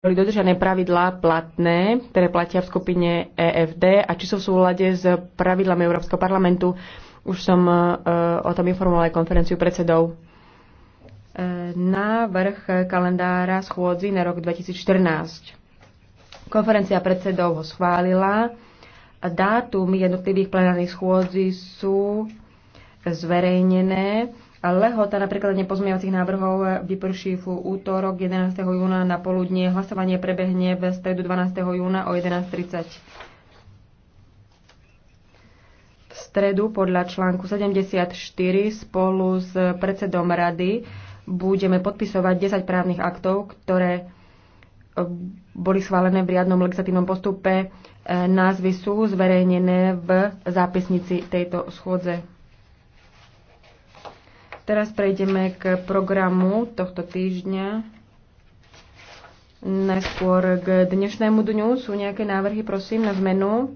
boli dodržané pravidlá platné, ktoré platia v skupine EFD a či sú v súlade s pravidlami Európskeho parlamentu. Už som e, o tom informovala aj konferenciu predsedov. E, návrh kalendára schôdzi na rok 2014. Konferencia predsedov ho schválila. Dátum jednotlivých plenárnych schôdzi sú zverejnené Lehota na prekladanie pozmeňovacích návrhov vyprší v útorok 11. júna na poludnie. Hlasovanie prebehne v stredu 12. júna o 11.30. V stredu podľa článku 74 spolu s predsedom rady budeme podpisovať 10 právnych aktov, ktoré eh, boli schválené v riadnom legislatívnom postupe. Eh, názvy sú zverejnené v zápisnici tejto schôdze. Teraz prejdeme k programu tohto týždňa. Najskôr k dnešnému dňu sú nejaké návrhy, prosím, na zmenu.